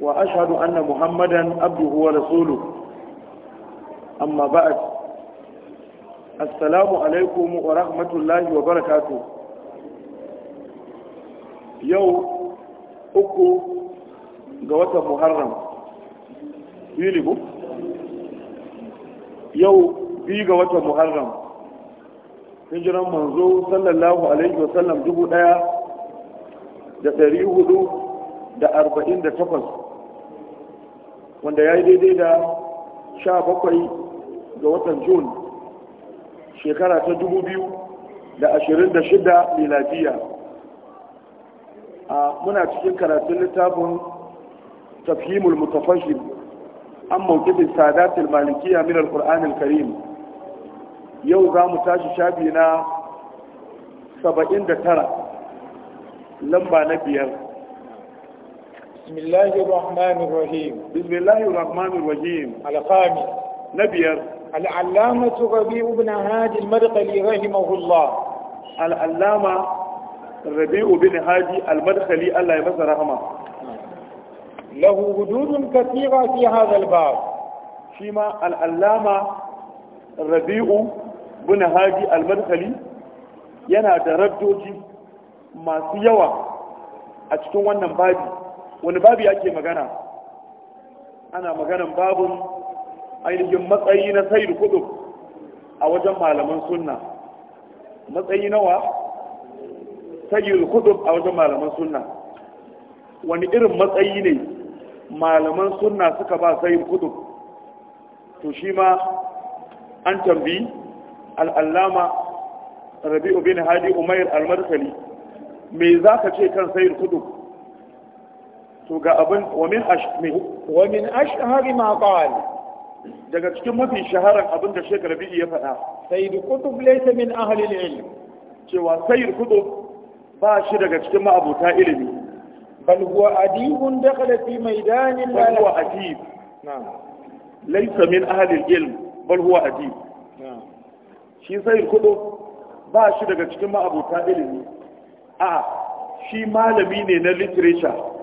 وأشهد أن محمدا عبده ورسوله أما بعد السلام عليكم ورحمة الله وبركاته يوم أكو قوات محرم يلقوا يوم بي قوات محرم hijiran manzo sallallahu alaihi wasallam dubu daya da ɗari hudu da arba'in da takwas wanda ya yi daidai da sha bakwai ga watan jun shekara ta dubu da ashirin da shida miladiya a muna cikin karatun littafin tafhimul mutafashil an mawkifin sadatul malikiya min Kur'anin karim yau za mu tashi shafi na saba'in da tara lamba na biyar بسم الله الرحمن الرحيم بسم الله الرحمن الرحيم الخامس نبير العلامة ربيع بن هادي المدخلي رحمه الله العلامة ربيع بن هادي المدخلي الله يمسه رحمه له وجود كثيرة في هذا الباب فيما العلامة ربيع بن هادي المدخلي yana da rabdoji masu yawa a cikin wannan babi wani babu ke magana ana maganan babun ainihin matsayi na sayar kudu a wajen malaman sunna matsayi nawa sayar kudu a wajen malaman sunna wani irin matsayi ne malaman sunna suka ba sayar kudu to shi ma an tambi al'allama rabi'u bin hadi umair al-markali me za ka ce kan sayar kudu to ga abin wamin ashmi wamin ashhari ma qal daga cikin mafi shaharan abin da Sheikh Rabi'i ya faɗa sayyid qutb laysa min ahli al-ilm cewa sayyid qutb ba shi daga cikin ma'abuta ilimi bal huwa adibun dakhala fi maidanin la huwa adib na'am laysa min ahli al-ilm bal huwa adib na'am shi sayyid qutb ba shi daga cikin ma'abuta ilimi a shi malami ne na literature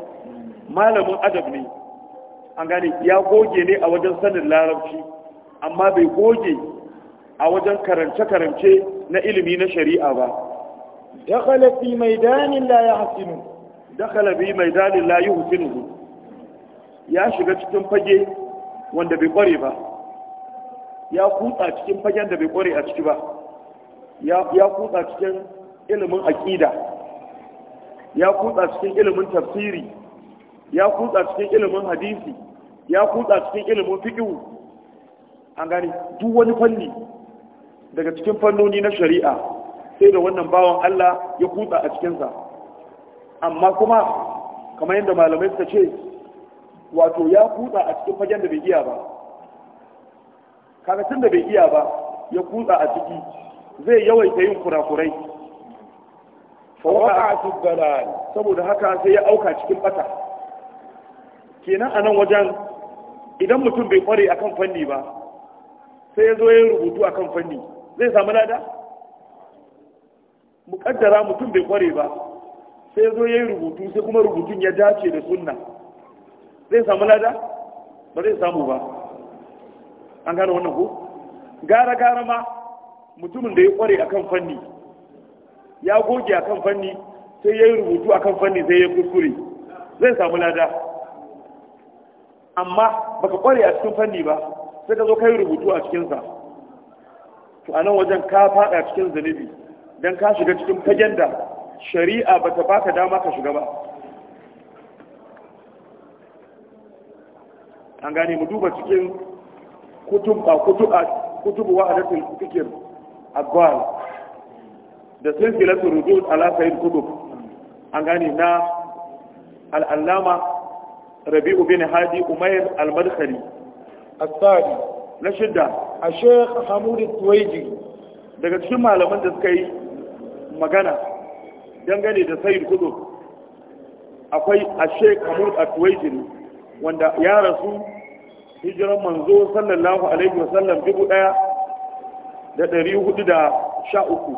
malamin adab ne an gane ya goge ne a wajen sanin larabci amma bai goge a wajen karance-karance na ilimi na shari'a ba dakhala fi maidanin la yahsinu dakhala fi maidanin la yuhsinu ya shiga cikin fage wanda bai kware ba ya kutsa cikin fagen da bai kware a ciki ba ya kutsa cikin ilimin aƙida. ya kutsa cikin ilimin tafsiri ya kutsa cikin ilimin hadisi ya kutsa cikin ilimin fiqh an gani duk wani fanni daga cikin fannoni na shari'a sai da wannan bawan Allah ya kutsa a cikinsa amma kuma kamar yadda malamai suka ce wato ya kutsa a cikin fagen da bai iya ba kakacin da bai iya ba ya kutsa a ciki zai yawaita yin kurakurai fawaka a saboda haka sai ya auka cikin bata kenan a nan wajen idan mutum bai kware akan fanni ba sai ya zo ya rubutu akan fanni zai samu lada mukaddara mutum bai kware ba sai ya zo ya yi rubutu sai kuma rubutun ya dace da sunna zai samu lada ba zai samu ba an gane wannan ko gara gara ma mutumin da ya kware akan fanni ya goge akan fanni sai ya yi rubutu akan fanni sai ya kuskure zai samu lada amma ba ka kware a cikin fanni ba sai ka zo kai rubutu a cikinsa to a nan wajen ka fada cikin zunubi don ka shiga cikin fagen da shari'a ba ta baka dama ka shiga ba an gane mu duba cikin kutub a kutub a kutubu wahadatul agwal da filatu rujul ala sayyid kutub an gane na al-allama rabi'u bin hadi umair al-madkhali as-sadi na shidda a sheikh daga cikin malaman da suka yi magana dangane da sayyid kudu akwai a sheikh hamud tuwaiji wanda ya rasu hijiran manzo sallallahu alaihi wasallam dubu daya da ɗari hudu da sha uku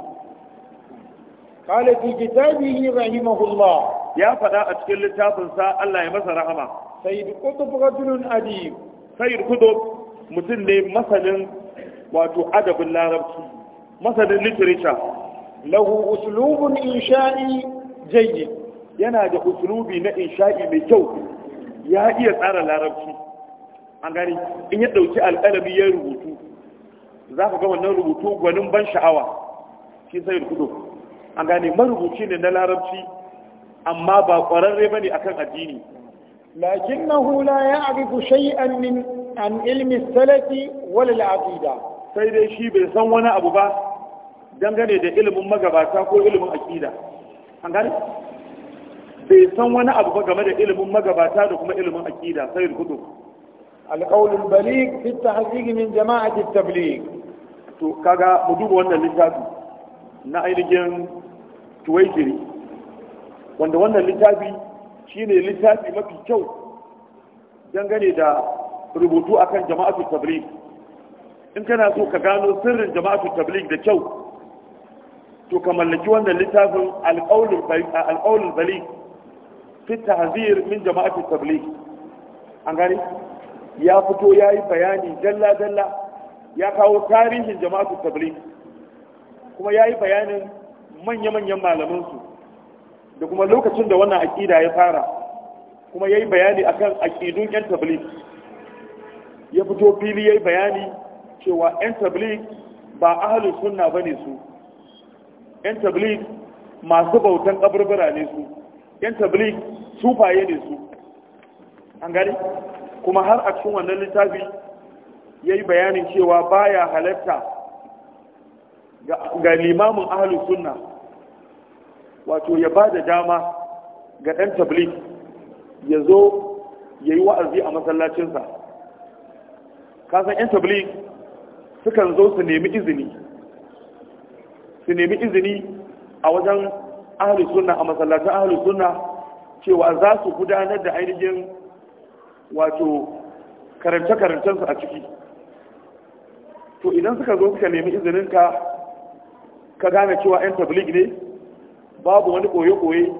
قال في كتابه رحمه الله ya faɗa a cikin littafinsa Allah ya masa rahama sayyid kutub rajulun adib sayyid kutub mutum ne masanin wato adabin larabci masanin literature lahu uslubun insha'i jayyid yana da uslubi na insha'i mai kyau ya iya tsara larabci an gani in ya dauki alƙalami ya rubutu za ka ga wannan rubutu gwanin ban sha'awa shi sayyid kutub. an gani marubuci ne na larabci amma ba ƙwararre ba ne a kan addini na hula ya shay'an min an ilmi salafi wala la'aƙida. sai dai shi bai san wani abu ba dangane da ilimin magabata ko ilimin aƙida. an gane bai san wani abu ba game da ilimin magabata da kuma ilimin aƙida, sai da rubutu القول البليغ في التحقيق من جماعة التبليغ to kaga mu duba wannan littafi na ainihin tuwaitiri wanda wannan littafi shine littafi mafi kyau dangane da rubutu akan jama'atu tabligh in kana so ka gano sirrin jama'atu tabligh da kyau to ka mallaki wannan littafin alƙaulul bali fi tahzir min jama'atu tabligh an gani ya fito ya yi bayani dalla dalla ya kawo tarihin jama'atu tabligh kuma ya yi bayanin manya-manyan malamansu da kuma lokacin da wannan aƙida ya fara kuma ya yi bayani a kan aƙidun 'yan tablik ya fito fili ya yi bayani cewa 'yan tablik ba ahalin sunna ba ne su 'yan tablik masu bautan ƙabarbara ne su 'yan tablik sufaye ne su an gari kuma har a cikin wannan littafi ya yi bayanin cewa baya halatta ga limamin ahalin sunna wato ya ba da dama ga ɗan tablik ya zo ya yi wa'azi a masallacinsa kasan 'yan tablik sukan zo su nemi izini su nemi izini a wajen ahli sunna a masallacin ahli sunna cewa za su gudanar da ainihin wato karance-karancensu a ciki to idan suka zo suka nemi izininka ka gane cewa 'yan tablik ne babu wani koye-koye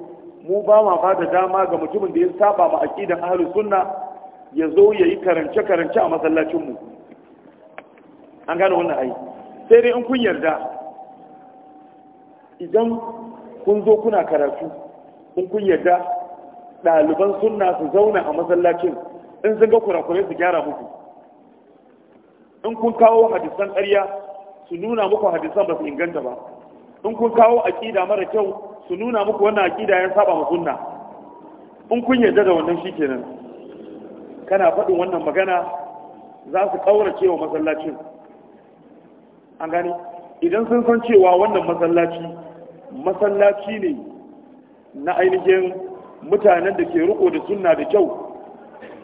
mu ba ma ba da dama ga mutumin da ya saba ma aqidan ahli sunna ya zo ya yi karance-karance a masallacin an gane wannan ai sai dai in kun yarda idan kun zo kuna karatu in kun yarda ɗaliban sunna su zauna a masallacin in sun ga kurakurai su gyara muku in kun kawo hadisan ƙarya su nuna muku hadisan ba su inganta ba in kun kawo aƙida mara kyau su nuna muku wannan aƙida ya saba ma sunna in kun yarda da wannan shikenan kana faɗin wannan magana za su ƙaurace wa masallacin an gani idan sun san cewa wannan masallaci masallaci ne na ainihin mutanen da ke riko da sunna da kyau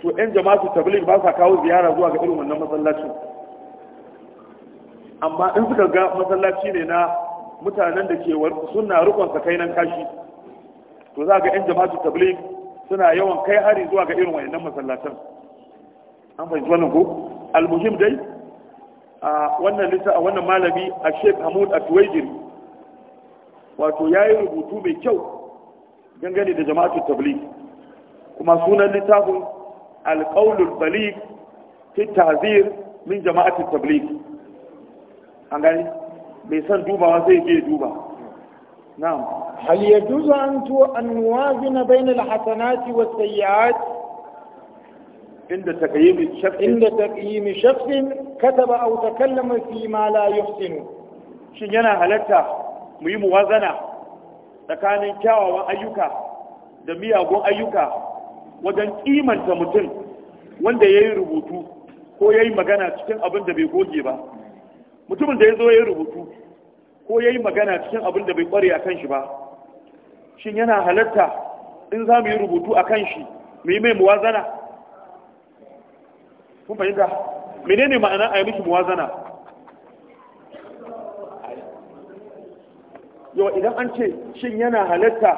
to 'yan jama'atu tabligh ba sa kawo ziyara zuwa ga irin wannan masallacin amma in suka ga masallaci ne na mutanen da ke suna rukun kai nan kashi to za ga yan jama'atu tabligh suna yawan kai hari zuwa ga irin wayannan masallatan an fahimci wannan ko almuhim dai a wannan lissa a wannan malami a Sheikh Hamud Atwaijir wato ya yi rubutu mai kyau gangani da jama'atu tabligh kuma sunan littafin alƙaulul baligh fi tahzir min jama'atu tabligh an gani mai son dubawa zai je duba na'am hal yajuzu an tu an wazina bainal hasanati was sayyi'at inda taqyim shakhs inda taqyim shakhs kataba aw takallama fi ma la yuhsinu shin yana halatta mu yi muwazana tsakanin kyawawan ayyuka da miyagun ayyuka wajen kimanta mutum wanda ya yi rubutu ko ya yi magana cikin abin da bai goge ba mutumin da ya zo ya rubutu ko ya yi magana cikin abin da bai kware a kan shi ba shin yana halatta in za mu yi rubutu a kan shi mu yi mai muwazana kun fahimta menene ma'ana a yi miki muwazana yau idan an ce shin yana halatta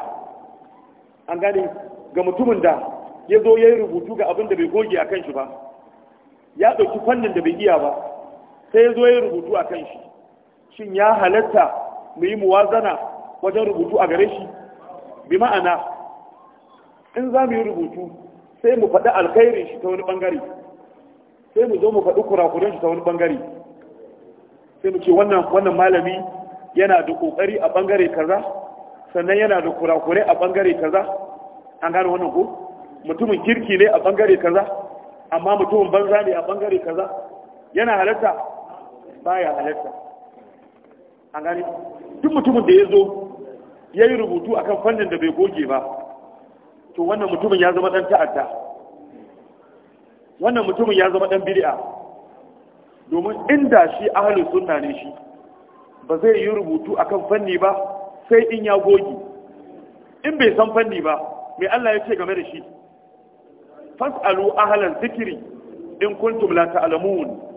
an gani ga mutumin da ya zo ya yi rubutu ga abin da bai goge a kan shi ba ya ɗauki fannin da bai iya ba sai zo yi rubutu a kan shi shin ya halatta mu yi muwazana wajen rubutu a gare shi bi ma'ana in za mu yi rubutu sai mu faɗi alkhairin shi ta wani ɓangare sai mu zo mu faɗi kurakuren shi ta wani ɓangare sai mu ce wannan malami yana da ƙoƙari a ɓangare kaza sannan yana da kurakure a ɓangare kaza an gane wannan ko mutumin kirki ne a ɓangare kaza amma mutumin banza ne a ɓangare kaza yana halatta baya halatta an gani duk mutumin da ya zo ya yi rubutu akan fannin da bai goge ba to wannan mutumin ya zama ɗan ta'adda wannan mutumin ya zama dan bid'a domin inda shi ahalin sunna ne shi ba zai yi rubutu akan fanni ba sai in ya goge in bai san fanni ba mai Allah ya ce game da shi fas'alu ahlan zikiri in kuntum la ta'lamun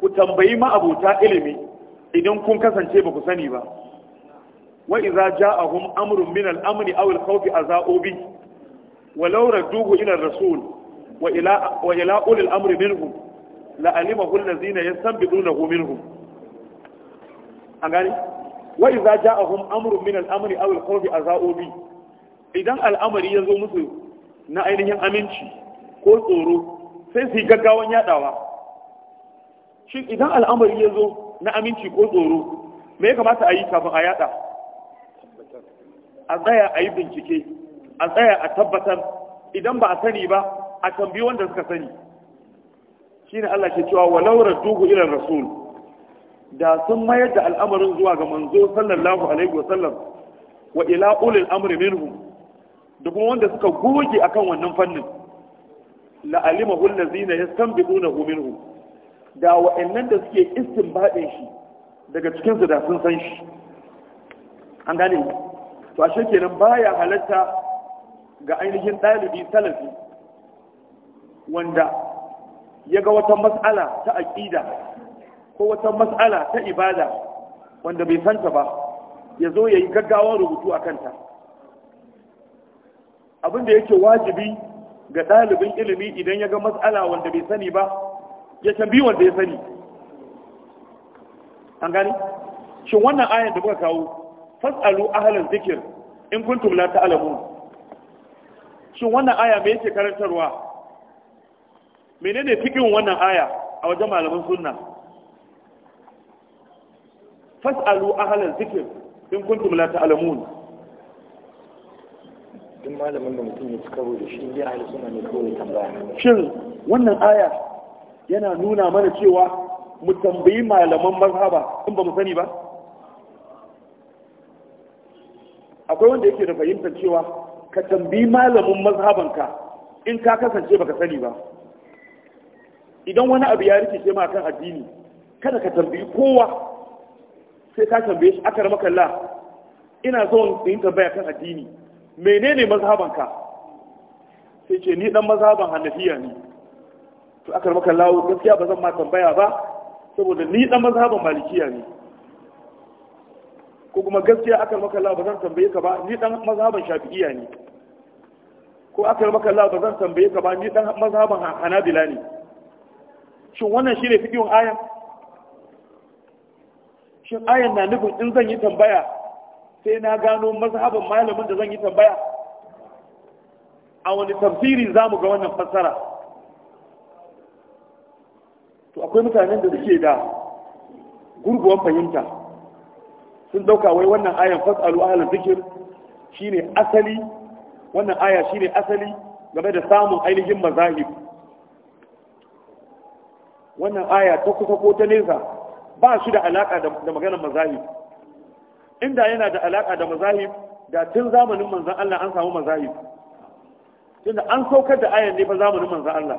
ku tambayi ma'abuta ilimi idan kun kasance ba ku sani ba wa idza ja'ahum amrun min al-amni aw al-khawfi aza'u bi law radduhu ila ar-rasul wa ila wa ila al amri minhum la'alimahu allazina yastanbidunahu minhum an gani wa idza ja'ahum amrun min al-amri aw al-khawfi aza'u bi idan al'amari ya zo musu na ainihin aminci ko tsoro sai su yi gaggawan yadawa shi idan al'amari ya zo na aminci ko tsoro me ya kamata a yi kafin a yada a tsaya a yi bincike a tsaya a tabbatar idan ba a sani ba a tambayi wanda suka sani Shi shine Allah ke cewa walaura duhu irin rasul da sun mayar da al'amarin zuwa ga manzo sallallahu alaihi wasallam wa ila ulil amri minhum da kuma wanda suka goge akan wannan fannin la alimahu allazina yastanbiqunahu minhum da wa'annan da suke baɗin shi daga cikin su da sun san shi an gane to nan kenan baya halatta ga ainihin ɗalibi salafi wanda ya ga wata matsala ta aƙida ko wata matsala ta ibada wanda bai santa ba ya zo ya yi gaggawar rubutu a kanta abinda yake wajibi ga ɗalibin ilimi idan ya ga matsala wanda bai sani ba ya tambi wanda ya sani an gani shin wannan ayar da kuka kawo fasalu ahlan zikir in kuntum la ta'lamun shin wannan aya me yake karantarwa menene fikin wannan aya a wajen malaman sunna fasalu ahlan zikir in kuntum la ta'lamun din malamin da mutum ya ci karo da shi ya ahli sunna ne kawai tambaya shin wannan aya yana nuna mana cewa mu tambayi malaman mazhaba in ba mu sani ba akwai wanda yake da fahimtar cewa ka tambayi malamin mazhabanka in ka kasance baka sani ba idan wani abu ya rikice ma kan addini kada ka tambayi kowa sai ka tambaye shi akar makalla ina so in tambaya kan addini menene mazhabanka sai ce ni dan mazhaban hanafiya ne to aka maka lawo gaskiya ba zan ma tambaya ba saboda ni dan mazhaban malikiya ne ko kuma gaskiya aka maka lawo ba zan tambaye ka ba ni dan mazhaban shafi'iya ne ko aka maka lawo ba zan tambaye ka ba ni dan mazhaban hanabila ne shin wannan shine fiqhin ayan shin ayan na nufin in zan yi tambaya sai na gano mazhaban malamin da zan yi tambaya a wani tafsiri za mu ga wannan fassara to akwai mutanen da suke da gurguwan fahimta sun dauka wai wannan ayan fasalu ahlal zikir shine asali wannan aya shine asali game da samun ainihin mazahib wannan aya ta kusa ko ta nesa ba shi da alaka da maganar mazahib inda yana da alaka da mazahib da tun zamanin manzan Allah an samu mazahib tunda an saukar da ayan ne fa zamanin manzan Allah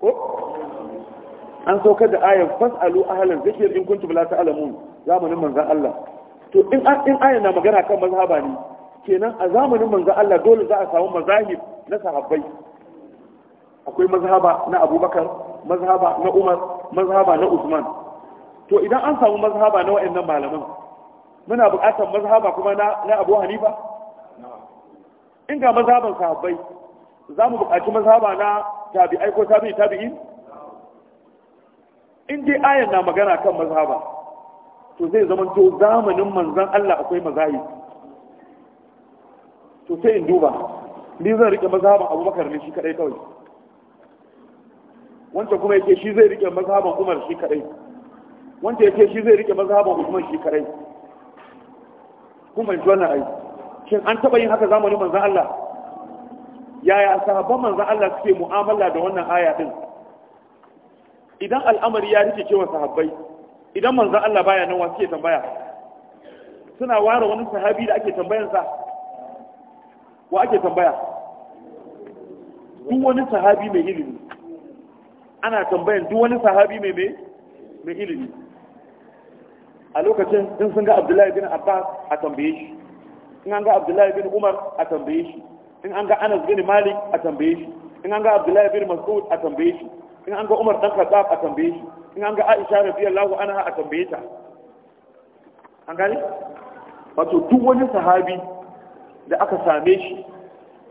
ko an saukar da ayar fas'alu ahlan zikr in kuntum la ta'lamun zamanin manzon Allah to in in ayar na magana kan mazhaba ne kenan a zamanin manzon Allah dole za a samu mazahib na sahabbai akwai mazhaba na Abubakar mazhaba na Umar mazhaba na Usman to idan an samu mazhaba na wayannan malaman muna buƙatar mazhaba kuma na na Abu Hanifa in ga mazhaban sahabbai za mu buƙaci mazhaba na tabi'ai ko tabi'i tabi'in in dai ayan na magana kan mazhaba to zai zama to zamanin manzon Allah akwai mazahi to sai in duba ni zan rike mazhaban Abu Bakar ne shi kadai kawai wanda kuma yake shi zai rike mazhaban Umar shi kadai wanda yake shi zai rike mazhaban Usman shi kadai kuma in na ai shin an taba yin haka zamanin manzon Allah yaya sahabban manzon Allah suke mu'amala da wannan aya din idan al'amari ya rike cewa sahabbai idan manzo Allah baya nan wasu ke tambaya suna ware wani sahabi da ake tambayansa wa ake tambaya duk wani sahabi mai ilimi ana tambayan duk wani sahabi mai mai ilimi a lokacin din sun ga abdullahi bin abbas a tambaye shi in an ga abdullahi bin umar a tambaye shi in an ga anas bin malik a tambaye shi in an ga abdullahi bin mas'ud a tambaye shi in an ga Umar dan Khattab a tambaye shi in an ga Aisha radiyallahu anha a tambaye ta an gani wato duk wani sahabi da aka same shi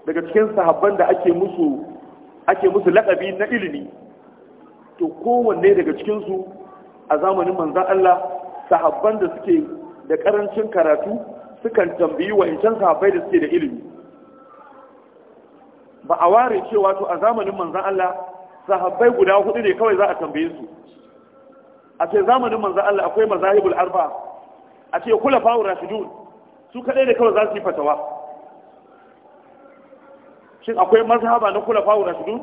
daga cikin sahabban da ake musu ake musu laƙabi na ilimi to kowanne daga cikin su a zamanin manzon Allah sahabban da suke da karancin karatu sukan tambayi wa incan sahabbai da suke da ilimi ba a ware cewa to a zamanin manzon Allah sahabbai guda hudu ne kawai za a tambaye su a ce zamanin manzo Allah akwai mazahibul arba a ce kula fa'u rashidun su kadai ne kawai za su yi fatawa shin akwai mazhaba na kula fa'u rashidun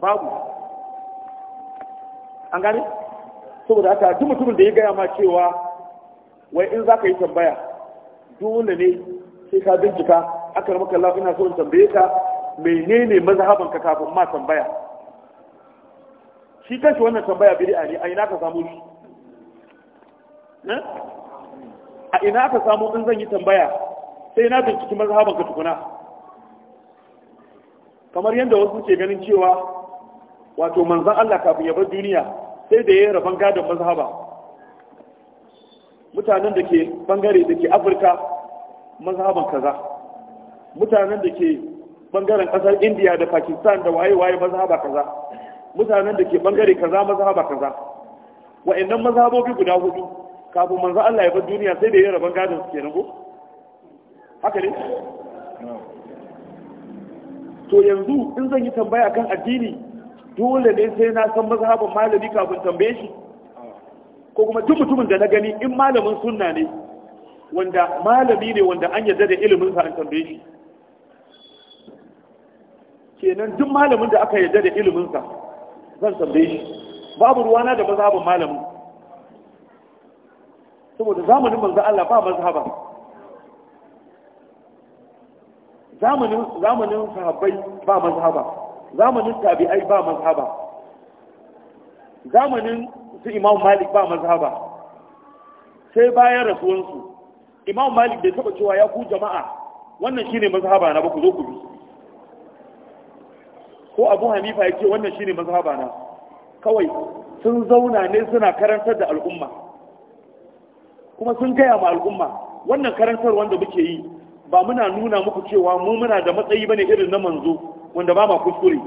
babu an gane saboda haka duk mutumin da ya gaya ma cewa wai in za ka yi tambaya dole ne sai ka bincika akar maka Allah ina so in tambaye ka menene mazhaban ka kafin ma tambaya shi kanshi wannan tambaya bid'a ne a ina ka samu shi eh? a ina ka samu in zan yi tambaya sai na binciki mazhaban ka tukuna kamar yadda wasu ke ganin cewa wato manzan Allah kafin ya bar duniya sai da ya yi rabon gadon mazhaba mutanen da ke bangare da ke afirka mazhaban kaza mutanen da ke bangaren kasar indiya da pakistan da waye-waye mazhaba kaza mutanen da ke bangare kaza mazhaba kaza wa'annan mazhabobi guda hudu kafin manzo Allah ya bar duniya sai da ya raban gadon su kenan ko haka ne to yanzu in zan yi tambaya kan addini dole ne sai na san mazhaban malami kafin tambaye shi ko kuma duk mutumin da na gani in malamin sunna ne wanda malami ne wanda an yarda da ilimin sa an tambaye shi kenan duk malamin da aka yarda da ilimin sa zan tambaye shi babu ruwana da mazhabin malamu saboda zamanin manzo Allah ba mazhaba zamanin zamanin sahabbai ba mazhaba zamanin tabi'ai ba mazhaba zamanin su Imam Malik ba mazhaba sai bayan rasuwansu Imam Malik bai taba cewa ya ku jama'a wannan shine mazhaba na ba ku zo ku bi ko abu hanifa ya ce wannan shine mazhaba na kawai sun zauna ne suna karantar da al'umma kuma sun gaya ma al'umma wannan karantar wanda muke yi ba muna nuna muku cewa mu muna da matsayi bane irin na manzo wanda ba ma kuskure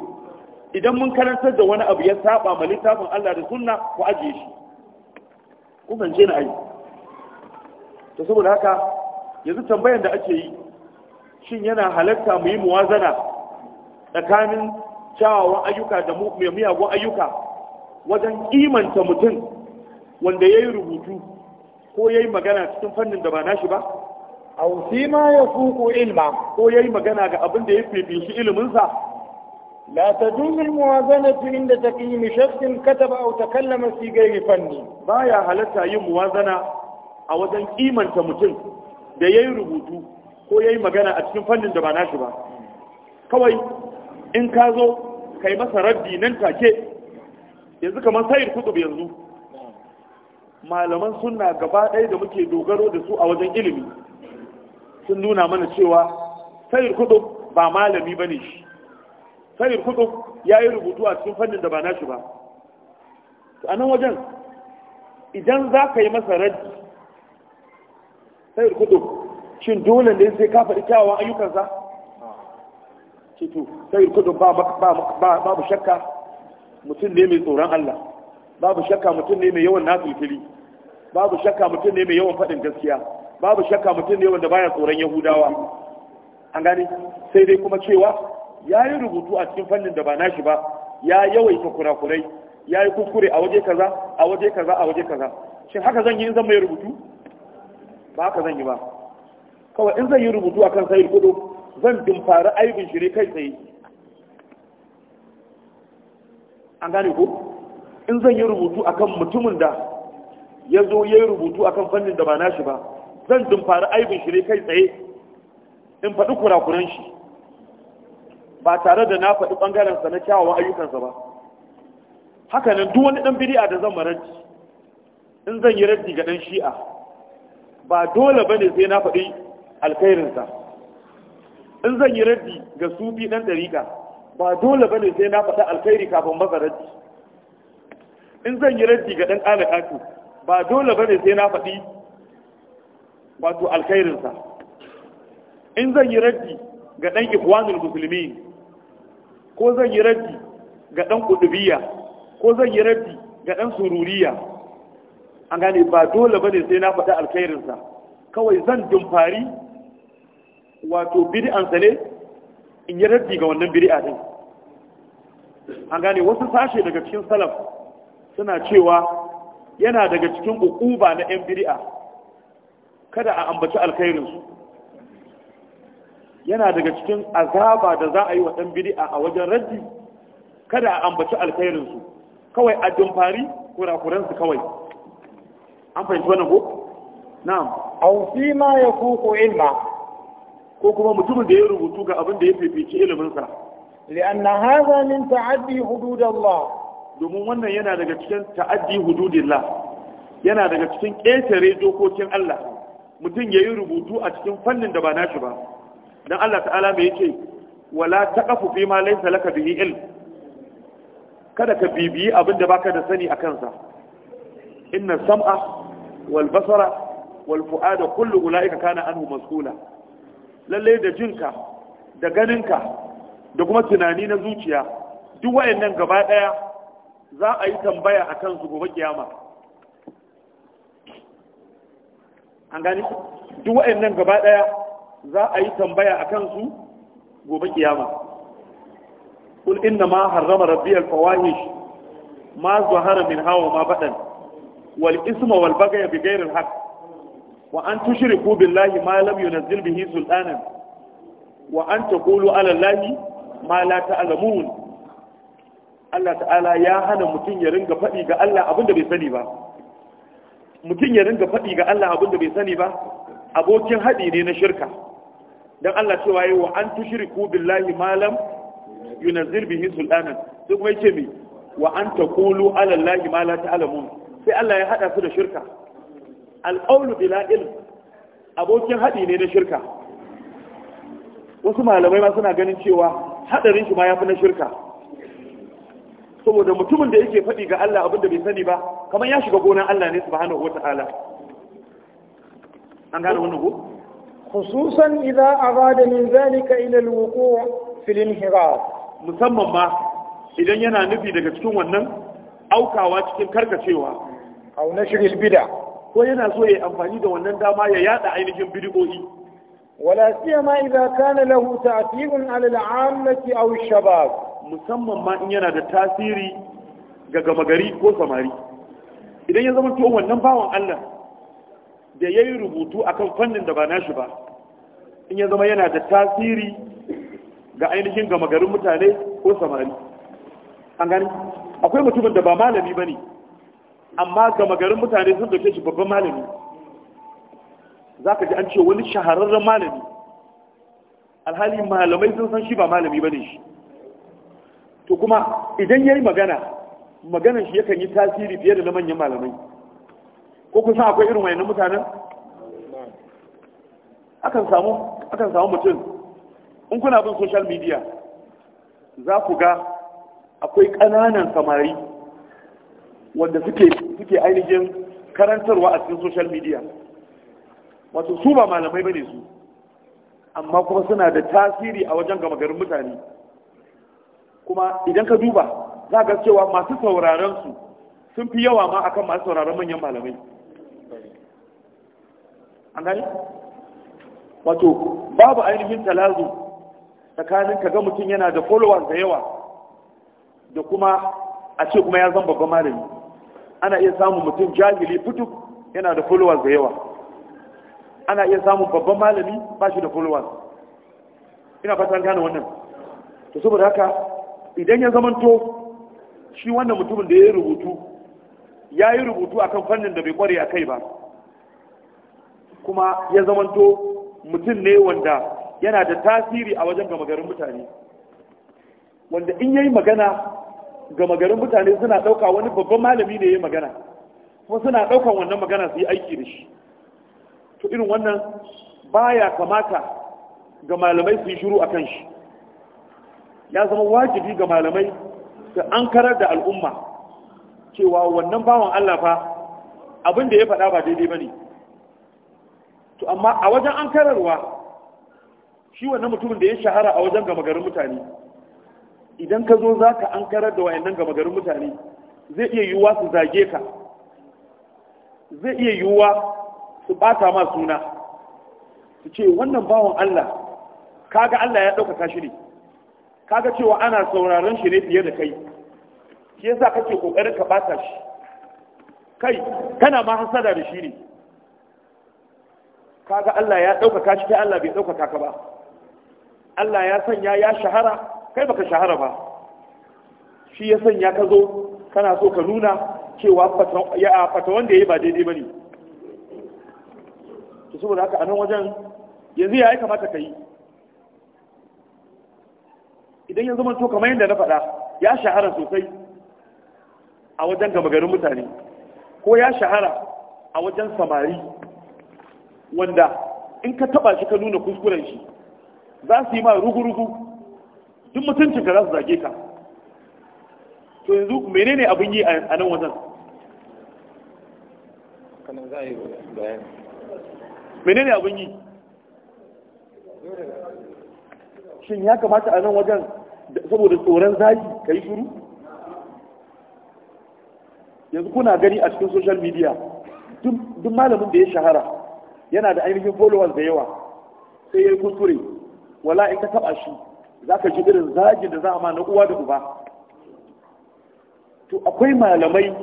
idan mun karantar da wani abu ya saba ma littafin Allah da sunna ku ajiye shi ku fahimce ni ai to saboda haka yanzu tambayar da ake yi shin yana halatta mu yi muwazana tsakanin kyawawan ayyuka da mai miyagun ayyuka wajen imanta mutum wanda ya yi rubutu ko ya yi magana cikin fannin da ba nashi ba a wuce ma ya fuku ilma ko ya yi magana ga abin da ya shi iliminsa la ta dumin muwazanatu inda ta yi shafin kataba au ta kallama masu gari fanni ba ya halatta yin muwazana a wajen imanta mutum da ya yi rubutu ko ya yi magana a cikin fannin da ba nashi ba kawai in ka zo ka yi masa rabbi nan take yanzu kamar sayar kutub yanzu malaman sunna gaba ɗaya da muke dogaro da su a wajen ilimi sun nuna mana cewa sayar kutub ba malami ba ne shi sayar kutub ya yi rubutu a cikin fannin da ba nashi ba a nan wajen idan za ka yi masa rabbi sayar kutub shin dole ne sai ka faɗi kyawawan ayyukansa ce to sai ba babu shakka mutum ne mai tsoron Allah babu shakka mutum ne mai yawan nafilfili babu shakka mutum ne mai yawan faɗin gaskiya babu shakka mutum ne wanda baya tsoron yahudawa an gane sai dai kuma cewa ya yi rubutu a cikin fannin da ba nashi ba ya yawaita kurakurai ya yi kuskure a waje kaza a waje kaza a waje kaza shin haka zan yi in zan mai rubutu ba haka zan yi ba kawai in zan yi rubutu akan sayar kudu zan dumfari aibin shi kai tsaye an gane ko in zan yi rubutu akan mutumin da ya zo ya yi rubutu akan fannin da ba nashi ba zan dumfari aibin shi kai tsaye in faɗi kurakuran shi ba tare da na faɗi ɓangarensa na kyawawan ayyukansa ba hakanan duk wani ɗan biri'a da zan maranci in zan yi raddi ga ɗan shi'a ba dole ba ne sai na faɗi alkhairinsa in zan yi raddi ga sufi dan dariƙa ba dole bane sai na faɗa alkhairi kafin masa raddi in zan yi raddi ga dan ƙalaƙatu ba dole bane sai na faɗi wato alkhairinsa in zan yi raddi ga dan ikwanul musulmi ko zan yi raddi ga dan kudubiya ko zan yi raddi ga dan sururiya an gane ba dole bane sai na faɗi alkhairinsa kawai zan dumfari wato an ne in yi raddi ga wannan a din an gane wasu sashe daga cikin salaf suna cewa yana daga cikin ukuba na 'yan a kada a ambaci alkhairinsu yana daga cikin azaba da za a yi wa ɗan biri a wajen raddi kada a ambaci alkhairinsu kawai a dumfari kurakuransu kawai an fahimci wannan ko na'am a fi ma kuku ilma ko kuma mutumin da ya rubutu ga abin da ya fifici iliminsa لأن هذا من تعدي حدود الله domin wannan yana daga cikin ta'addi hududillah yana daga cikin ƙetare dokokin Allah mutum ya yi rubutu a cikin fannin da ba shi ba don Allah ta'ala mai yake wala taqafu fi ma laysa laka bihi kada ka bibiyi abin da baka da sani a kansa inna sam'a wal Walfu'a, da fu'ada kullu ulaika kana anhu mas'ula lallai da jinka da ganinka da kuma tunani na zuciya duk wayannan gaba daya za a yi tambaya a kansu gobe kiyama an gani duk wayannan gaba daya za a yi tambaya a kansu gobe kiyama kul inna ma harrama rabbi al-fawahish ma zahara min hawa ma badan wal isma wal bagaya bi ghairi al-haqq wa an tushriku billahi ma lam yunzil bihi sultanan wa an taqulu ala allahi ma la ta'lamun Allah ta'ala ya hana mutum ya ringa faɗi ga Allah abinda bai sani ba mutum ya ringa faɗi ga Allah abinda bai sani ba abokin haɗi ne na shirka Don Allah cewa yi wa an tushriku billahi ma lam yunzil bihi sultanan sai kuma ce mi wa an taqulu ala allahi ma la ta'lamun sai Allah ya hada su da shirka alƙaunu bila abokin haɗi ne na shirka wasu malamai ma suna ganin cewa haɗarin shi ma ya fi na shirka saboda mutumin da yake faɗi ga Allah abinda bai sani ba kamar ya shiga gonan Allah ne subhanahu wata'ala an gane wannan ko khususan idza arada min zalika ila alwuqu' fil inhiraf musamman ma idan yana nufi daga cikin wannan aukawa cikin karkacewa aw shirin bida. ko yana so ya amfani da wannan dama ya yada ainihin bidiyoyi wala siyama idza kana lahu ta'thirun 'ala al-'ammati aw shabab musamman ma in yana da tasiri ga gama gari ko samari idan ya zama to wannan bawan Allah da yayi rubutu akan fannin da ba nashi ba in ya zama yana da tasiri ga ainihin gama garin mutane ko samari an gani akwai mutumin da ba malami bane amma gama garin mutane sun dauke shi babban malami za ka ji an ce wani shahararren malami alhali malamai sun san shi ba malami ba ne shi to kuma idan ya yi magana maganan shi yakan yi tasiri fiye da na manyan malamai ko kun akwai irin wayannan mutanen akan samu akan samu mutum in kuna bin social media za ku ga akwai ƙananan samari wanda suke suke ainihin karantarwa a cikin social media wato su ba malamai bane su amma kuma suna da tasiri a wajen gama garin mutane kuma idan ka duba za ga cewa masu sauraron su sun fi yawa ma akan masu sauraron manyan malamai an gani wato babu ainihin talazu tsakanin ka ga mutum yana da followers da yawa da kuma a ce kuma ya zan babban malami ana iya samun mutum jahili fitu yana da followers da yawa ana iya samun babban malami ba shi da followers ina fatan gane wannan to saboda haka idan ya zamanto shi wannan mutumin da ya yi rubutu ya yi rubutu akan fannin da bai kware a kai ba kuma ya zamanto mutum ne wanda yana da tasiri a wajen gama garin mutane wanda in yayi magana gama garin mutane suna ɗauka wani babban malami ne ya magana kuma suna ɗaukan wannan magana su yi aiki da shi to irin wannan baya kamata ga malamai su yi shiru a kan shi ya zama wajibi ga malamai su an karar da al'umma cewa wannan bawan Allah fa abin da ya faɗa ba daidai ba ne to amma a wajen an kararwa shi wannan mutumin da ya shahara a wajen gama garin mutane idan ka zo za ka an karar da wayannan gama garin mutane zai iya yiwuwa su zage ka zai iya yiwuwa su bata ma suna su ce wannan bawan Allah kaga Allah ya ɗaukaka shi ne kaga cewa ana sauraron shi ne fiye da kai shi yasa kake kokarin ka bata shi kai kana ma hasada da shi ne kaga Allah ya ɗaukaka shi kai Allah bai ɗaukaka ka ba Allah ya sanya ya shahara kai baka shahara ba shi ya sanya ka zo kana so ka nuna cewa fata wanda ya yi ba daidai ba ne to saboda haka a nan wajen yanzu ya yi kamata ka yi idan ya zama kamar yadda na faɗa ya shahara sosai a wajen gama garin mutane ko ya shahara a wajen samari wanda in ka taba shi ka nuna kuskuren shi za su yi ma rugu-rugu Tun mutuncin ka za su zage ka to yanzu menene abin yi a nan wajen menene abin yi shin ya kamata a nan wajen saboda tsoron zagi ka yi shuru yanzu kuna gani a cikin social media duk malamin da ya shahara yana da ainihin followers da yawa sai ya yi kuskure wala in ka taba shi za ka ji irin zagin da za a ma na uwa da uba to akwai malamai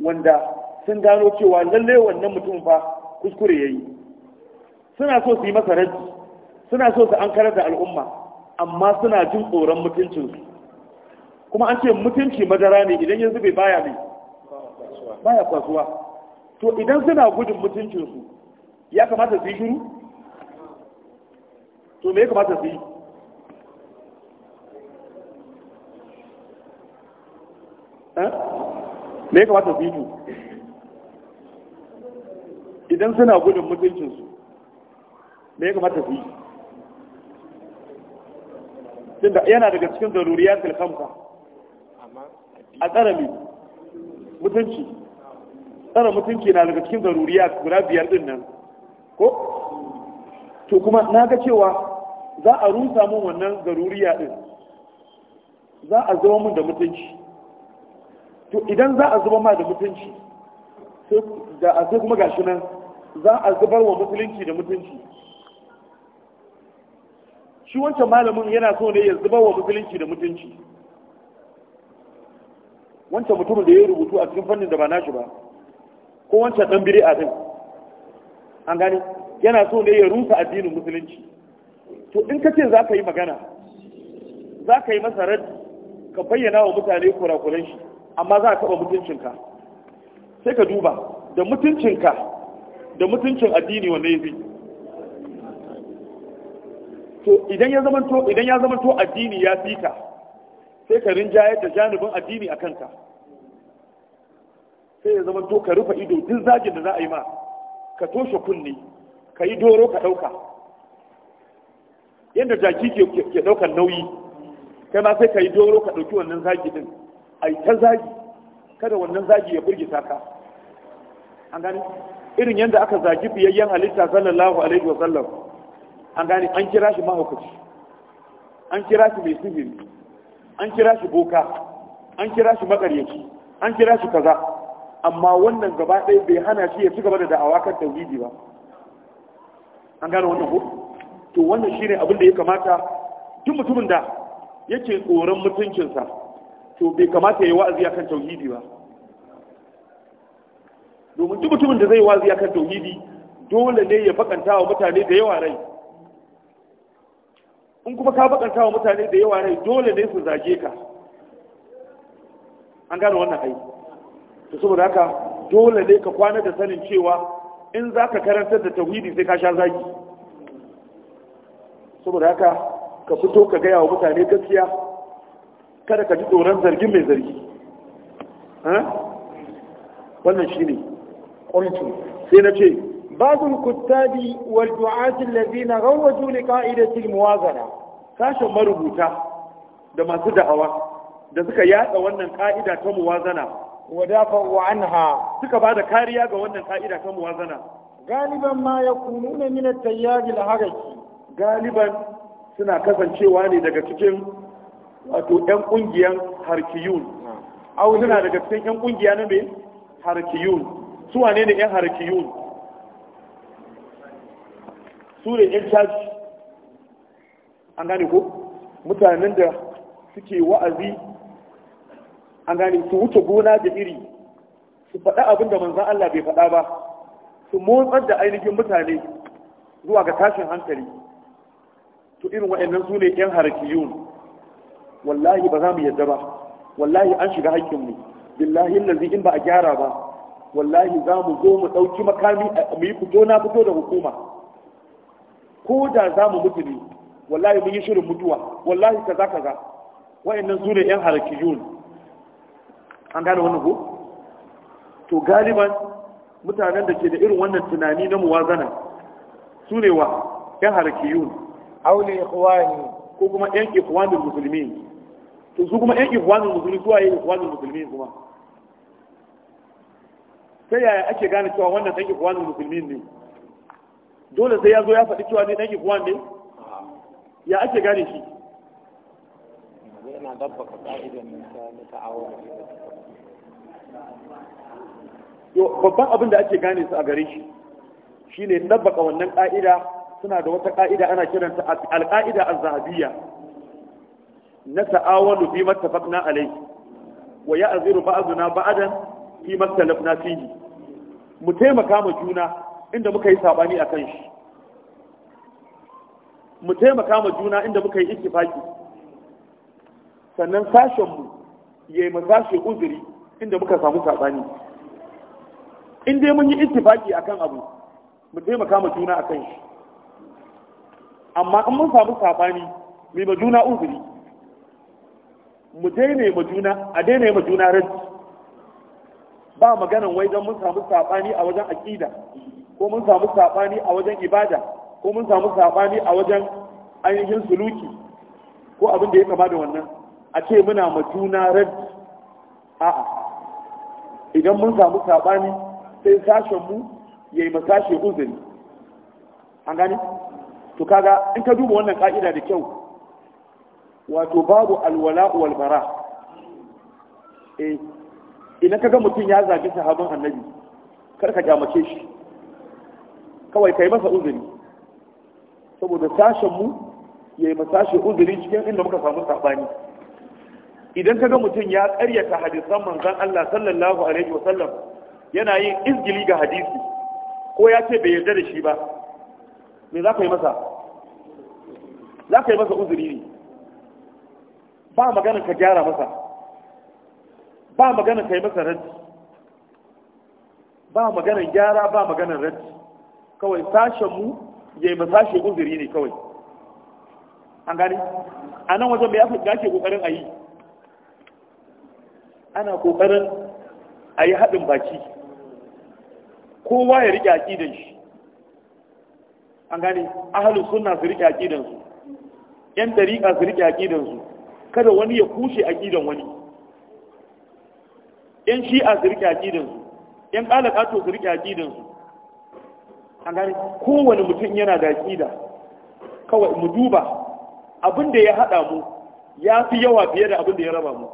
wanda sun gano cewa lallai wannan mutum fa kuskure ya yi suna so su yi masa raji suna so su an karar da al'umma amma suna jin tsoron mutuncinsu kuma an ce mutunci madara ne idan yanzu bai baya ne baya kwasuwa to idan suna gudun mutuncinsu ya kamata su yi shiru to me ya kamata su yi Eh? me ya kamata su yi idan suna gudun mutuncinsu me ya kamata su yi yana daga cikin zaruriyar tilkamka a tsara mai mutunci tsara mutunci na daga cikin zaruriyar guda biyar din nan ko to kuma na ga cewa za a rusa mun wannan zaruriya din za a zama mun da mutunci to idan za a zuba ma da mutunci da a sai kuma gashi nan za a zubar wa musulunci da mutunci shi wancan malamin yana so ne ya zubar wa musulunci da mutunci wancan mutumin da ya rubutu a cikin fannin da ba nashi ba ko wancan dan biri a din an gane yana so ne ya rusa addinin musulunci to in ka ce za ka yi magana za ka yi masa raddi ka bayyana wa mutane kurakuran shi amma za a taɓa mutuncinka sai ka duba da mutuncinka da mutuncin addini wanda ya fi to idan ya zamanto idan ya zamanto addini ya fi ka sai ka rinjayar da janibin addini a kanka sai ya zamanto ka rufe ido duk zagin da za a yi ma ka toshe kunne ka yi doro ka ɗauka yadda jaki ke ɗaukar nauyi kai ma sai ka yi doro ka ɗauki wannan zagi din a yi ta zagi kada wannan zagi ya burgita ka an gani irin yadda aka zagi biyayyen halitta sallallahu alaihi wa sallam an gani an kira shi mahaukaci an kira shi mai sihiri an kira shi boka an kira shi makaryaci an kira shi kaza amma wannan gaba ɗaya bai hana shi ya ci gaba da da'awa kan tauhidi ba an gane wannan ko to wannan shine abin da ya kamata duk mutumin da yake tsoron mutuncinsa to bai kamata ya yi wa'azi akan tauhidi ba domin duk mutumin da zai yi wa'azi akan tauhidi dole ne ya bakanta wa mutane da yawa rai in kuma ka bakanta wa mutane da yawa rai dole ne su zage ka an gane wannan ai to saboda haka dole ne ka kwana da sanin cewa in za ka karantar da tauhidi sai ka sha zagi saboda haka ka fito ka gaya wa mutane gaskiya kada ka ji tsoron zargin mai zargi wannan shi ne ƙuntu sai na ce babul kuttabi wal du'atin lazina rawwaju li qa'idatil muwazana kashin marubuta da masu da'awa da suka yatsa wannan ka'ida ta muwazana wadafa'u anha suka ba da kariya ga wannan ka'ida ta muwazana galiban ma yakununa min at-tayyab haraki galiban suna kasancewa ne daga cikin wato ɗan ƙungiyar harkiyun au suna daga cikin ƴan ƙungiya na me harkiyun su wane ne ƴan harkiyun su ne ƴan caji an gane ko mutanen da suke wa'azi an gane su wuce gona da iri su faɗa abin da manzan Allah bai faɗa ba su motsar da ainihin mutane zuwa ga tashin hankali to irin wa'annan su ne ƴan harkiyun wallahi ba za mu yadda ba wallahi an shiga haƙƙinmu billahi lalzi in ba a gyara ba wallahi za mu zo mu ɗauki makami mu yi fito na fito da hukuma ko da za mu mutu ne wallahi mun yi shirin mutuwa wallahi kaza kaza wa'annan su ne 'yan harakiyun an gane wannan ko to galiban mutanen da ke da irin wannan tunani na muwazana su ne wa 'yan harakiyun aule ikhwani ko kuma 'yan ikhwanin musulmi to su kuma yan ikhwanul musulmi su waye ikhwanul musulmi kuma sai yaya ake gane cewa wannan ɗan ikhwanul musulmi ne dole sai ya zo ya faɗi cewa ne ɗan ikhwan ne ya ake gane shi yana dabbaka ta babban abin da ake gane su a gare shi shine dabbaka wannan ka'ida suna da wata ka'ida ana kiranta al ƙa'ida az-zahabiyya na ta'awunu fi mattafaqna alayhi wa ya'ziru ba'duna ba'dan fi mattalafna fihi mu taimaka ma juna inda muka yi sabani akan shi mu taimaka ma juna inda muka yi ittifaki sannan sashen mu yayi mu sashe uzuri inda muka samu sabani in dai mun yi ittifaki akan abu mu taimaka ma juna akan shi amma in mun samu sabani mai ma juna uzuri mu daina ma juna a daina ma juna raji ba maganan wai don mun samu saɓani a wajen aƙida ko mun samu saɓani a wajen ibada ko mun samu saɓani a wajen ainihin suluki ko abin da ya kama da wannan a ce muna ma juna a a'a idan mun samu saɓani sai sashen mu yayi sashe uzuri an gani to kaga in ka duba wannan ka'ida da kyau wato babu alwala wal eh idan kaga mutum ya zagi sahaban annabi kar ka jamace shi kawai kai masa uzuri saboda sashen mu yayi masa shi uzuri cikin inda muka samu sabani idan kaga mutum ya ƙaryata hadisan manzon Allah sallallahu alaihi wasallam yana yin izgili ga hadisi ko ya ce bai yarda da shi ba me za ka yi masa za ka yi masa uzuri ne ba magana ka gyara masa ba magana ka yi masa raddi ba magana gyara ba magana raddi kawai sashen mu ya yi masashe uzuri ne kawai an gani a nan wajen mai ake kokarin a yi ana kokarin a yi haɗin baki kowa ya riƙe aƙidan shi an gani ahalin suna su riƙe su yan dariƙa su riƙe su’ kada wani ya kushe aqidan wani in shi'a su rike aqidan su in qalaqatu su rike aqidan su an gane kowane mutum yana da aqida kawai mu duba abinda ya hada mu ya fi yawa fiye da abinda ya raba mu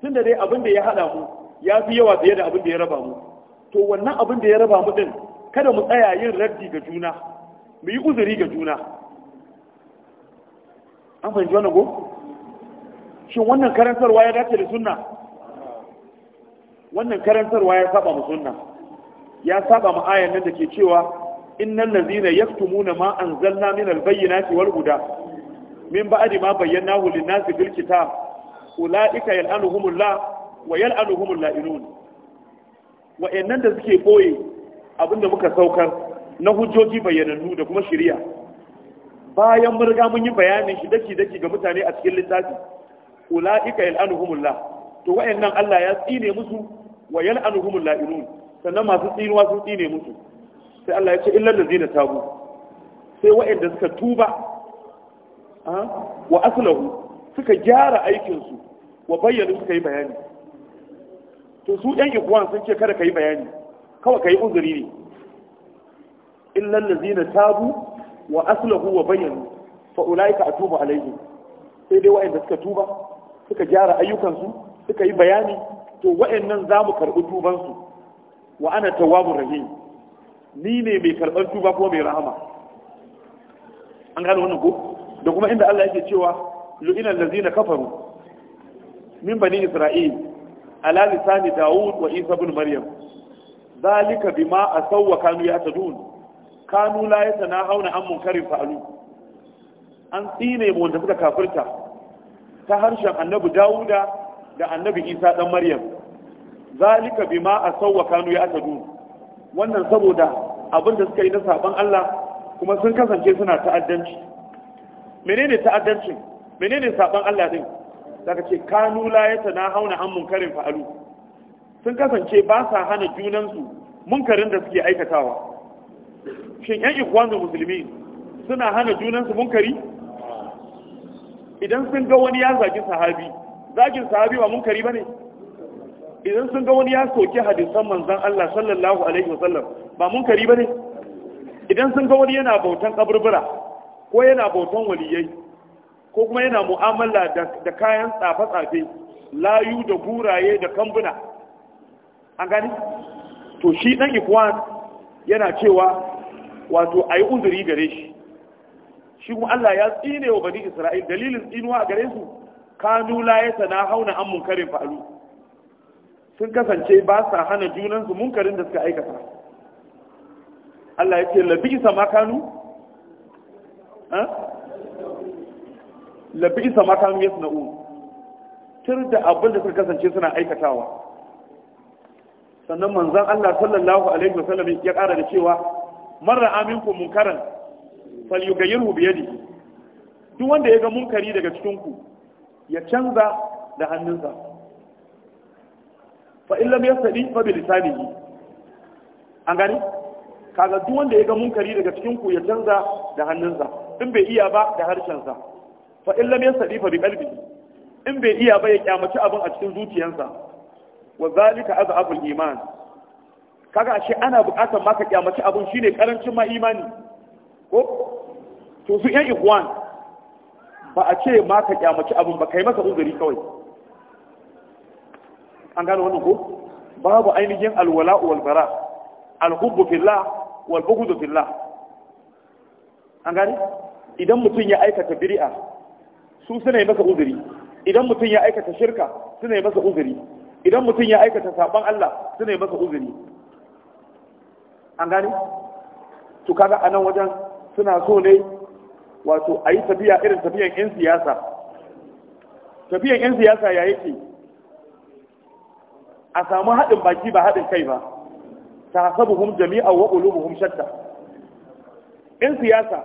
tunda dai abinda ya hada mu ya fi yawa fiye da abinda ya raba mu to wannan abinda ya raba mu din kada mu tsaya yin raddi ga juna mu yi uzuri ga juna an fahimci wani ko shin wannan karantarwa ya dace da sunna wannan karantarwa ya saba mu sunna ya saba mu ayan nan da ke cewa innal ladzina yaktumuna ma anzalna min albayyinati wal huda min ba'di ma bayyanahu lin-nasi bil kitab ulaika yal'anuhumullah wa yal'anuhumul la'inun wa'annan da suke boye abinda muka saukar na hujjoji bayyanannu da kuma shari'a bayan mun riga mun yi bayanin shi daki daki ga mutane a cikin littafi ulaika yal'anuhumullah to wayannan Allah ya tsine musu wa yal'anuhumul la'inun sannan masu tsinuwa sun tsine musu sai Allah ya ce illal ladzina tabu sai wayanda suka tuba wa aslahu suka gyara aikin su wa bayyana suka yi bayani to su ɗan ikuwan sun ce kada ka yi bayani kawai ka yi uzuri ne illal ladzina tabu wa aslahu wa bayyanu fa ulaika atubu alaihim sai dai wa'anda suka tuba suka gyara ayyukansu suka yi bayani to wa'annan za mu karɓi tubansu wa ana rahim ni ne mai karɓar tuba kuma mai rahama an gano wannan ko da kuma inda Allah yake cewa lu'ina allazina kafaru min bani isra'il ala lisani daud wa isa ibn maryam zalika bima asaw wa kanu yatadun kanu la ya sana hauna an munkarin fa'alu an tsine mu wanda suka kafirta ta harshen annabi dawuda da annabi isa dan maryam zalika bima asawwa kanu ya atadu wannan saboda abinda suka yi na saban Allah kuma sun kasance suna ta'addanci menene ta'addancin menene saban Allah din Daga ce kanu la ya sana hauna an munkarin fa'alu sun kasance ba sa hana junansu munkarin da suke aikatawa shin yan ikwanul musulmi suna hana junansu munkari idan sun ga wani ya zagi sahabi zagin sahabi ba munkari ba ne idan sun ga wani ya soke hadisan manzan Allah sallallahu alaihi wasallam ba munkari ba ne idan sun ga wani yana bautan kaburbura ko yana bautan waliyai ko kuma yana mu'amala da kayan tsafe-tsafe layu da guraye da kambuna an gani to shi dan ikwan yana cewa wato a yi uzuri gare shi shi kuma Allah ya tsine wa bani Isra'il dalilin tsinuwa gare su kanu la ya sana hauna an munkarin fa'alu sun kasance ba sa hana junansu munkarin da suka aikata Allah ya ce isa ma kanu isa ma kanu yasna'un tur da abin da suka kasance suna aikatawa sannan manzon Allah sallallahu alaihi wasallam ya kara da cewa man ra'a minkum munkaran falyughayyirhu bi yadihi duk wanda ya ga munkari daga cikin ku ya canza da hannunsa fa in lam yastadi fa bi lisanihi an gani kaga duk wanda ya ga munkari daga cikin ku ya canza da hannunsa in bai iya ba da harshensa fa in lam yastadi fa bi qalbihi in bai iya ba ya kyamaci abin a cikin zuciyarsa wa zalika azabul iman kaga ashe ana buƙatar ma ka kyamaci abin shine karancin ma imani ko to su yan ikwan ba a ce ma ka kyamaci abin ba kai masa uzuri kawai an gano wannan ko babu ainihin alwala wal bara alhubbu fillah wal bughdu fillah an gani idan mutum ya aikata bid'a su suna yi masa uzuri idan mutum ya aikata shirka suna yi masa uzuri idan mutum ya aikata saban Allah suna yi masa uzuri an gane to kaga anan wajen suna so ne wato a yi tafiya irin tafiyan 'yan siyasa tafiyan 'yan siyasa ya yake a samu haɗin baki ba haɗin kai ba ta hasabuhum jami'a wa ulubuhum shatta 'yan siyasa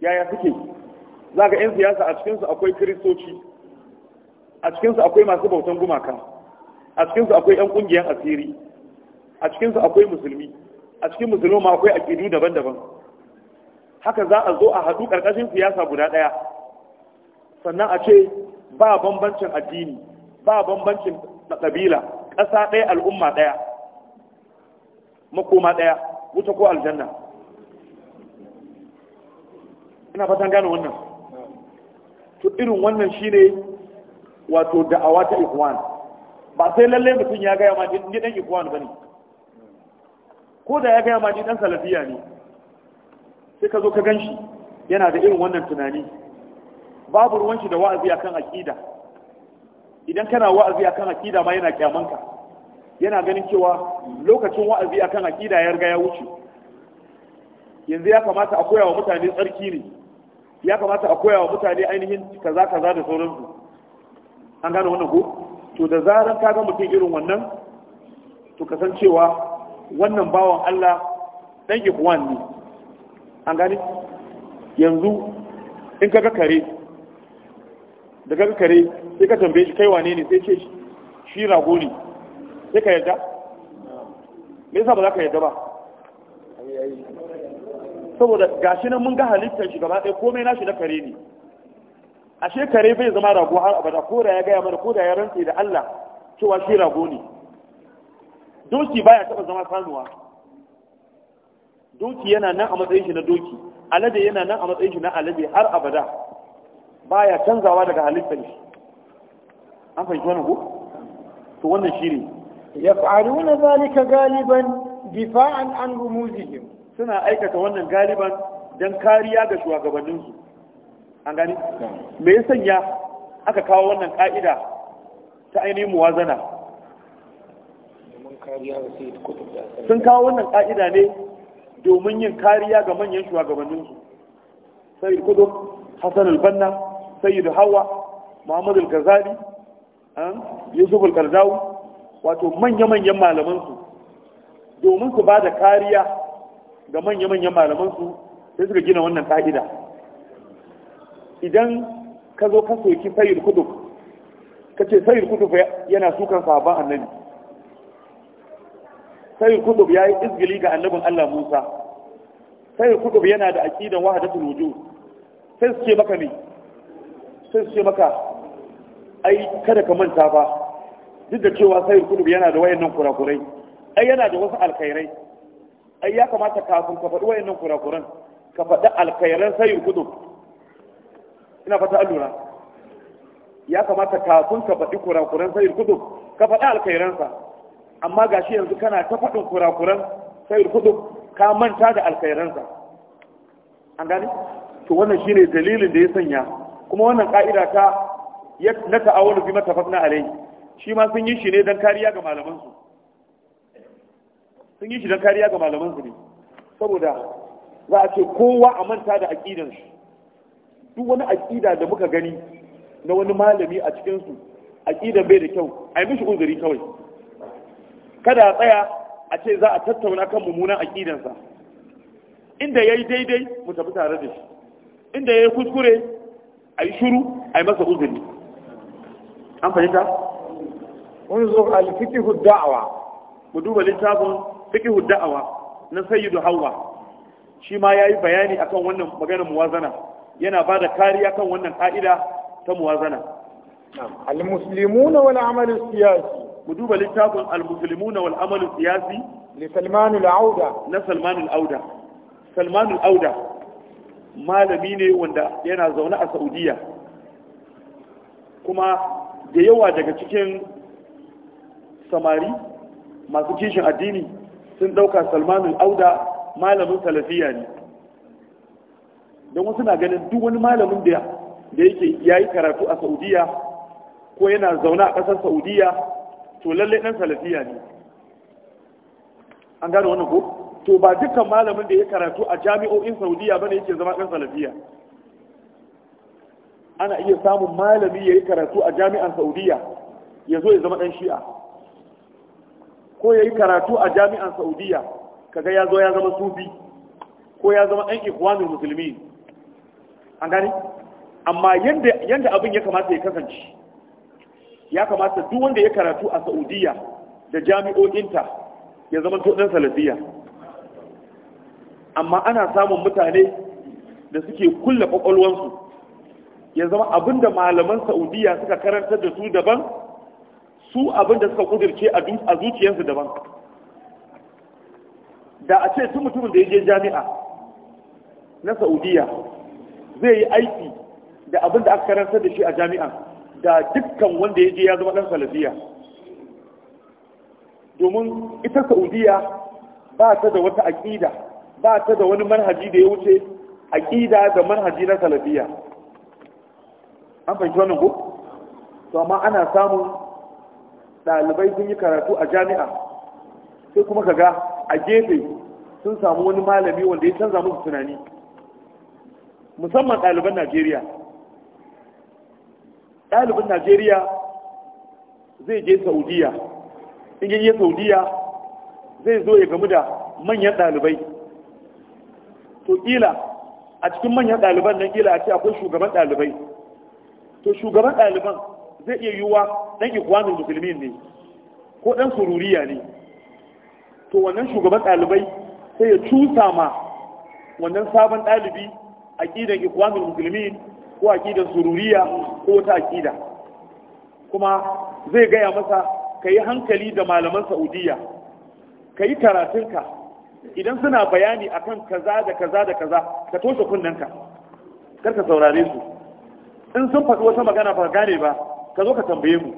yaya suke za ga 'yan siyasa a cikinsu akwai kiristoci a cikinsu akwai masu bautan gumaka a cikinsu akwai 'yan ƙungiyar asiri a cikinsu akwai musulmi a cikin musulma akwai aƙidu daban-daban haka za a zo a haɗu ƙarƙashin siyasa guda ɗaya sannan a ce ba bambancin addini ba bambancin ƙabila ƙasa ɗaya al'umma ɗaya makoma ɗaya wuta ko aljanna ina fatan gane wannan to irin wannan shine wato da'awa ta ikwan ba sai lallai mutum ya gaya ma ni dan ikwan bane ko da ya gaya ma ni salafiya ne sai ka zo ka gan shi yana da irin wannan tunani babu ruwan shi da wa'azi akan aƙida. idan kana wa'azi akan aƙida ma yana kyamanka yana ganin cewa lokacin wa'azi akan aƙida ya riga ya wuce yanzu ya kamata a koya wa mutane tsarki ne ya kamata a koya wa mutane ainihin kaza kaza da sauransu an gane wannan ko to da zaran ka ga mutum irin wannan to kasancewa wannan bawan Allah ɗan ikuwan ne an gani yanzu in ka kare da ka kare sai ka tambaye shi kai wane ne sai ce shi rago ne sai ka yarda me yasa ba za ka yarda ba saboda gashi nan mun ga halittar shi gaba ɗaya komai nashi na kare ne ashe kare bai zama rago har abada ko da ya gaya mana ko da ya rantse da Allah cewa shi rago ne doki baya taba zama sanuwa doki yana nan a matsayin shi na doki alade yana nan a matsayin shi na alade har abada baya canzawa daga halittar shi an fahimci wannan ko to wannan shine yaf'aluna zalika galiban difa'an an rumuzihim suna aikata wannan galiban dan kariya ga shugabanninsu an gani me ya sanya aka kawo wannan ka'ida ta ainihin muwazana sun kawo wannan ka'ida ne domin yin kariya ga manyan shugabanninsu sayyid kutub hassan al-banna sayyid hawa muhammad al-ghazali eh, yusuf al-kardawi wato manya-manyan malamansu domin su ba da kariya ga manya-manyan malamansu sai suka gina wannan ka'ida idan ka zo ka soki sayyid kutub ka ce sayyid kutub yana sukan sahabban annabi sai kutub ya yi izgili ga annabin Allah Musa sai kutub yana da aqidan wahdatul wujud sai su ce maka ne sai su ce maka ai kada ka manta ba duk da cewa sai kutub yana da wayannan kurakurai ai yana da wasu alkhairai ai ya kamata kafin ka faɗi wayannan kurakuran ka faɗi alkhairan sai kutub ina fata allura ya kamata kafin ka faɗi kurakuran sai kutub ka faɗi alkhairansa amma ga shi yanzu kana ta faɗin kurakuran sayar kudu ka manta da alkhairansa an gane to wannan shine dalilin da ya sanya kuma wannan ka'ida ta na ta'awunu bi matafaqna alai shi ma sun yi shi ne dan kariya ga malaman su sun yi shi dan kariya ga malaman su ne saboda za a ce kowa a manta da aƙidansu, shi duk wani aqida da muka gani na wani malami a cikin su bai da kyau ai mishi uzuri kawai kada a tsaya a ce za a tattauna kan mummunan aƙidansa inda ya yi daidai mu tafi tare da shi inda ya yi kuskure a yi shuru a yi masa uzuri an fahimta? unzur alfikihu da'awa mu duba littafin fikihu da'awa na sayyidu hawa shi ma ya yi bayani akan wannan maganar muwazana yana ba da kariya kan wannan ka'ida ta muwazana al-muslimuna wal amal siyasi mu duba littafin al-muslimuna wal amalu siyasi li salman al-auda na salman al-auda salman al-auda malami ne wanda yana zaune a saudiya kuma da yawa daga cikin samari masu kishin addini sun dauka salman al-auda malamin salafiya ne don wasu na ganin duk wani malamin da yake yayi karatu a saudiya ko yana zaune a ƙasar saudiya to lalle dan salafiya ne an gano wannan ko to ba dukkan malamin da ya karatu a jami'o'in saudiya bane yake zama dan salafiya ana iya samun malami ya yi karatu a jami'an saudiya ya zo ya zama dan shi'a ko ya yi karatu a jami'an saudiya kaga ya zo ya zama sufi ko ya zama ɗan ikhwanul musulmi an gani amma yadda abin ya kamata ya kasance ya kamata duk wanda ya karatu a Saudiya da jami'o'inta ya zama to dan salafiya amma ana samun mutane da suke kulle kwakwalwansu ya zama abinda malaman Saudiya suka karantar da su daban su abinda suka kudirce a zuciyarsu daban da a ce tun mutumin da ya je jami'a na Saudiya zai yi aiki da abinda aka karantar da shi a jami'a da dukkan wanda ya je ya zama ɗan salafiya domin ita saudiya ba ta da wata aƙida ba ta da wani manhaji da ya wuce aƙida da manhaji na salafiya an fahimci wannan ko to amma ana samun ɗalibai sun yi karatu a jami'a sai kuma kaga a gefe sun samu wani malami wanda ya canza musu tunani musamman ɗaliban najeriya ɗalibin najeriya zai je saudiya in yi saudiya zai zo ya gamu da manyan ɗalibai to ƙila a cikin manyan ɗaliban nan ƙila a ce akwai shugaban ɗalibai to shugaban ɗaliban zai iya yiwuwa ɗan ikwanin musulmi ne ko ɗan sururiya ne to wannan shugaban ɗalibai sai ya cusa ma wannan sabon ɗalibi a ƙidan ikwanin musulmi ko aqidar sururiya ko wata aqida kuma zai gaya masa ka yi hankali da malaman saudiya ka yi karatunka idan suna bayani akan kaza da kaza da kaza ka toshe kunnenka kar ka saurare su in sun faɗi wata magana ba gane ba ka zo ka tambaye mu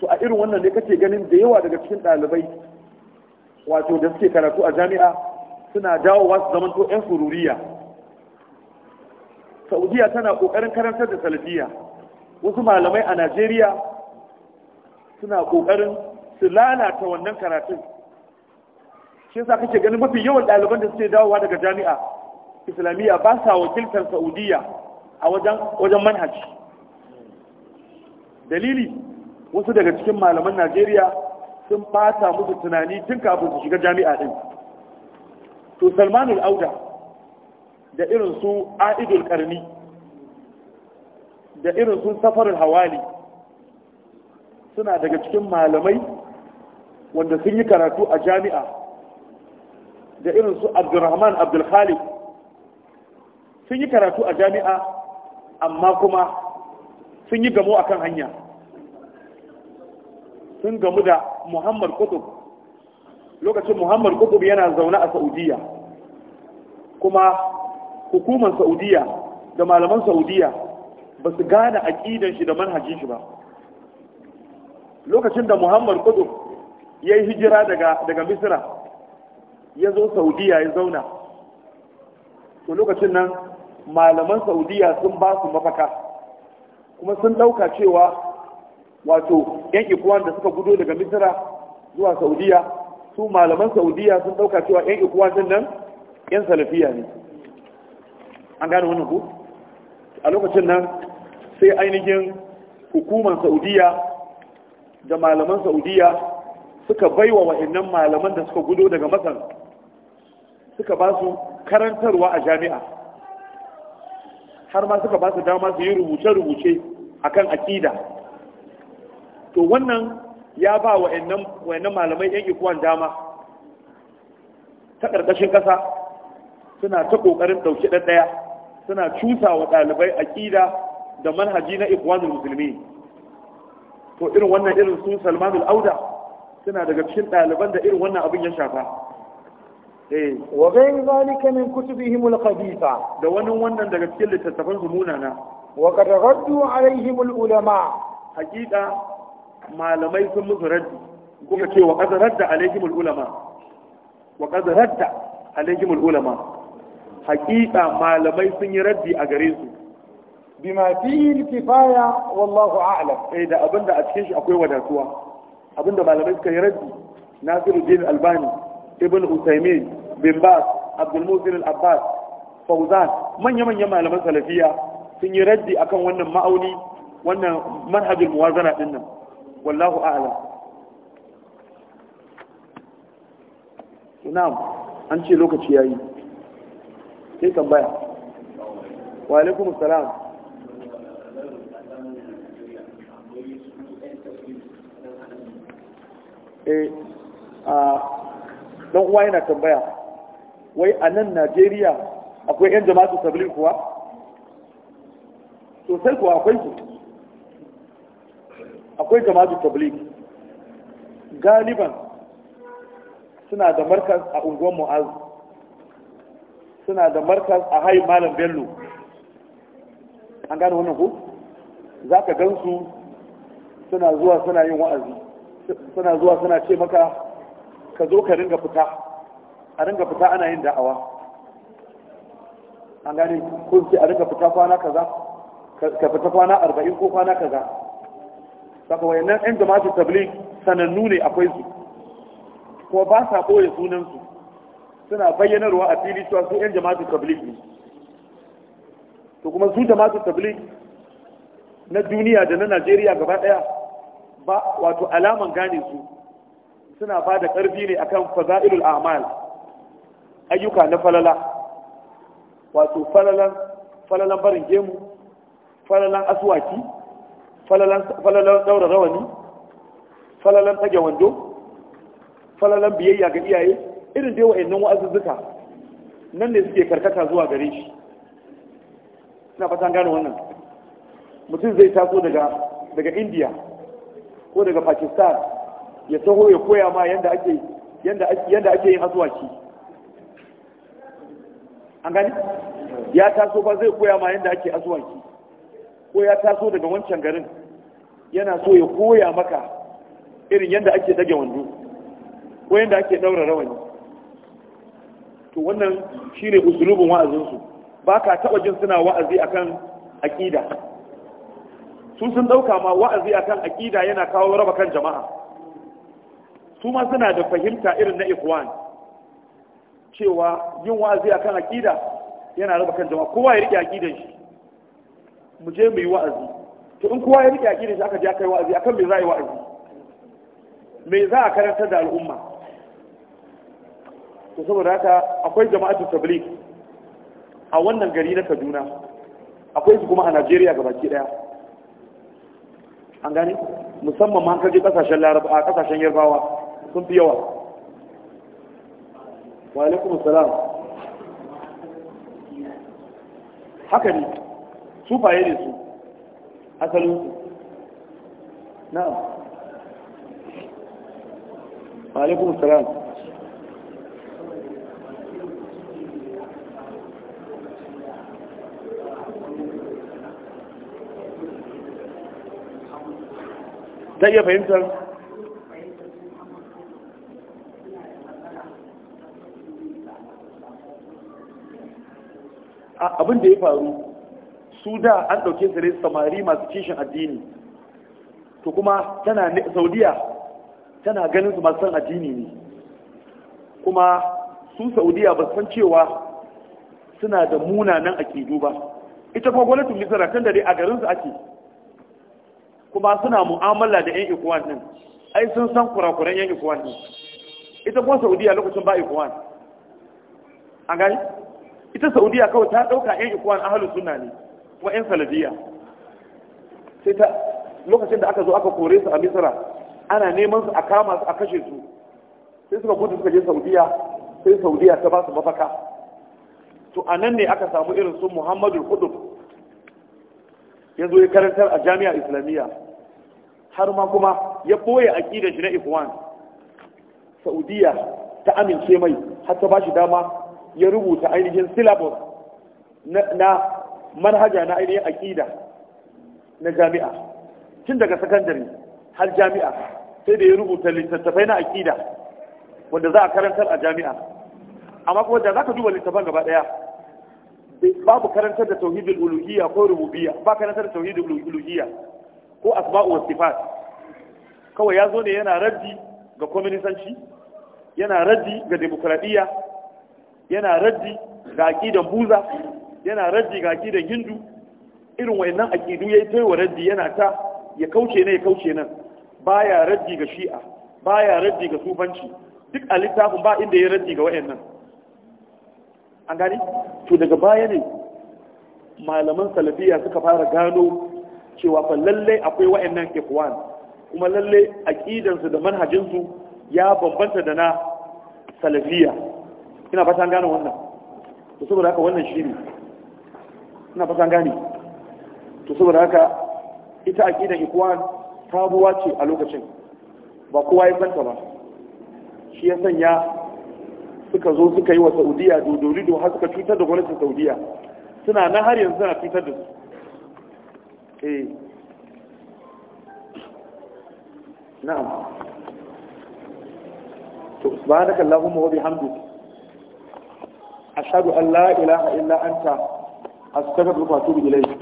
to a irin wannan ne kake ganin da yawa daga cikin ɗalibai wato da suke karatu a jami'a suna dawowa su zamanto 'yan sururiya saudiya tana ƙoƙarin karantar da salafiya wasu malamai a najeriya suna kokarin su lalata wannan karatun shi yasa kake ganin mafi yawan ɗaliban da suke dawowa daga jami'a islamiyya ba sa wakiltar saudiya a wajen manhaji dalili wasu daga cikin malaman najeriya sun ɓata musu tunani tun kafin su shiga jami'a ɗin to salmanul auda da irin su aidul karni da irin su safarul hawali suna daga cikin malamai wanda sun yi karatu a jami'a da irin su abdulrahman abdulkhalik sun yi karatu a jami'a amma kuma sun yi gamo akan hanya sun gamu da muhammad kutub lokacin muhammad kutub yana zaune a saudiya kuma hukumar saudiya da malaman saudiya ba su gane aƙidan shi da manhajin shi ba lokacin da muhammad kudu ya yi hijira daga misira ya zo saudiya ya zauna to lokacin nan malaman saudiya sun ba su mafaka kuma sun ɗauka cewa wato yan ikuwan da suka gudo daga misira zuwa saudiya su malaman saudiya sun ɗauka cewa yan ikuwan din nan yan salafiya ne an gane wannan ku a lokacin nan sai ainihin hukumar saudiya da malaman saudiya suka baiwa wa'annan malaman da suka gudo daga matsan suka ba su karantarwa a jami'a har ma suka ba su dama su yi rubuce-rubuce a kan akida to wannan ya ba wa'annan malamai yan ikuwan dama ta ƙarƙashin ƙasa suna ta ƙoƙarin ɗauki ɗaya suna cusa wa ɗalibai aƙida da manhaji na ikwanin musulmi to irin wannan irin sun salman al'auda suna daga cikin ɗaliban da irin wannan abin ya shafa eh. wa gai zalika min kutubihim al-khabitha da wani wannan daga cikin littattafan zumuna na. wa qad raddu alaihim al-ulama hakika malamai sun musu raddi kuka ce wa qad radda alaihim al-ulama wa qad radda alaihim al-ulama haƙiƙa malamai sun yi raddi a gare su bima fihi kifaya wallahu a'lam eh da abinda a cikin shi akwai wadatuwa abinda malamai suka yi raddi Nasiruddin Albani Ibn usaymin bin Bas Abdul Musin Al-Abbas Fauzan manya-manyan malaman salafiya sun yi raddi akan wannan ma'auni wannan manhajul muwazana din nan wallahu a'lam na'am an ce lokaci yayi sai tambaya wa alaikum salam eh a dan uwa yana tambaya wai a nan Najeriya akwai yan jama'atu tabligh kuwa sosai kuwa akwai su akwai jama'atu tabligh galiban suna da markaz a unguwar mu'azu suna da markas a hayin malam bello an gane wannan ku za ka gansu suna zuwa suna yin wa'azi suna zuwa suna ce maka ka zo ka ringa fita a ringa fita ana yin da'awa an gane kun ce a ringa fita kwana kaza ka fita kwana arba'in ko kwana kaza saka wayannan yan jama'atu tabli sanannu ne akwai su kuma ba sa ɓoye sunansu suna bayyanarwa a fili cewa su 'yan jama'atu tabligh ne to kuma su jama'atu tabligh na duniya da na Najeriya gaba daya ba wato alaman gane su suna ba da ƙarfi ne akan faza'ilul a'mal ayyuka na falala wato falalan falalan barin gemu falalan aswaki falalan falalan daura rawani falalan tage wando falalan biyayya ga iyaye irin dai wa'annan wa'azuzzuka nan ne suke karkata zuwa gare shi ina fatan gane wannan mutum zai taso daga daga india ko daga pakistan ya taho ya koya ma yanda ake yadda ake yin asuwaci an gani ya taso ba zai koya ma yadda ake asuwaci ko ya taso daga wancan garin yana so ya koya maka irin yadda ake dage wando ko yadda ake daura rawani to wannan shine usulubin wa'azinsu ba ka taɓa jin suna wa'azi akan aƙida su sun ɗauka ma wa'azi akan aƙida yana kawo raba kan jama'a su ma suna da fahimta irin na ikwan cewa yin wa'azi akan aƙida yana raba kan jama'a kowa ya riƙe aƙidan shi mu je mu yi wa'azi to in kowa ya riƙe aƙidan shi aka je aka yi wa'azi akan me za a yi wa'azi me za a karantar da al'umma to saboda haka akwai jama'atu tabli a wannan gari na Kaduna akwai su kuma a Najeriya baki daya an gane musamman ma kaje kasashen Laraba a kasashen Yarbawa sun fi yawa wa alaikum assalam haka ne su faye ne su asalin su na'am wa alaikum assalam zai iya fahimtar abin da ya faru su da an ɗauke su ne samari masu kishin addini to kuma tana saudiya tana ganin su masu san addini ne kuma su saudiya ba san cewa suna da munanan akidu ba ita kuma gwamnatin misira kan da dai a garinsu ake kuma suna mu'amala da yan ikuwan din ai sun san kurakuran yan ikuwan din ita kuma saudiya lokacin ba ikuwan an gani ita saudiya kawai ta ɗauka yan ikuwan ahalu sunna ne kuma yan saladiya sai ta lokacin da aka zo aka kore su a misira ana neman su a kama su a kashe su sai suka gudu suka je saudiya sai saudiya ta ba su mafaka to a nan ne aka samu irin su muhammadu Kudu ya ya karantar a jami'a islamiyya har ma kuma ya ɓoye aqidar shi na ikhwan saudiya ta amince mai har ta ba shi dama ya rubuta ainihin syllabus na manhaja na ainihin aƙida na jami'a tun daga sakandare har jami'a sai da ya rubuta littattafai na aƙida wanda za a karantar a jami'a amma kuma da ka duba littafan gaba daya babu karantar da tauhidul uluhiyya ko rububiyya ba karantar da tauhidul uluhiyya ko asma'u wa sifat kawai ya zo ne yana raddi ga kwaminisanci yana raddi ga demokradiyya yana raddi ga aƙidan buza yana raddi ga aƙidan hindu irin wayannan aƙidu ya yi ta wa raddi yana ta ya kauce ne ya kauce nan baya raddi ga shi'a baya raddi ga sufanci duk a littafin ba inda ya raddi ga wa'annan an gani to daga baya ne malaman salafiya suka fara gano cewa fa lallai akwai wa'annan ikhwan kuma lallai aqidansu da manhajinsu ya bambanta da na salafiya ina fatan gane wannan to saboda haka wannan shine ina fatan gane to saboda haka ita aqidan ikhwan tabuwa ce a lokacin ba kowa ya santa ba shi ya sanya suka zo suka yi wa saudiya dodori don har suka cutar da gwamnatin saudiya suna na har yanzu suna cutar da su eh na'am to subhanaka allahumma wa ilaha illa anta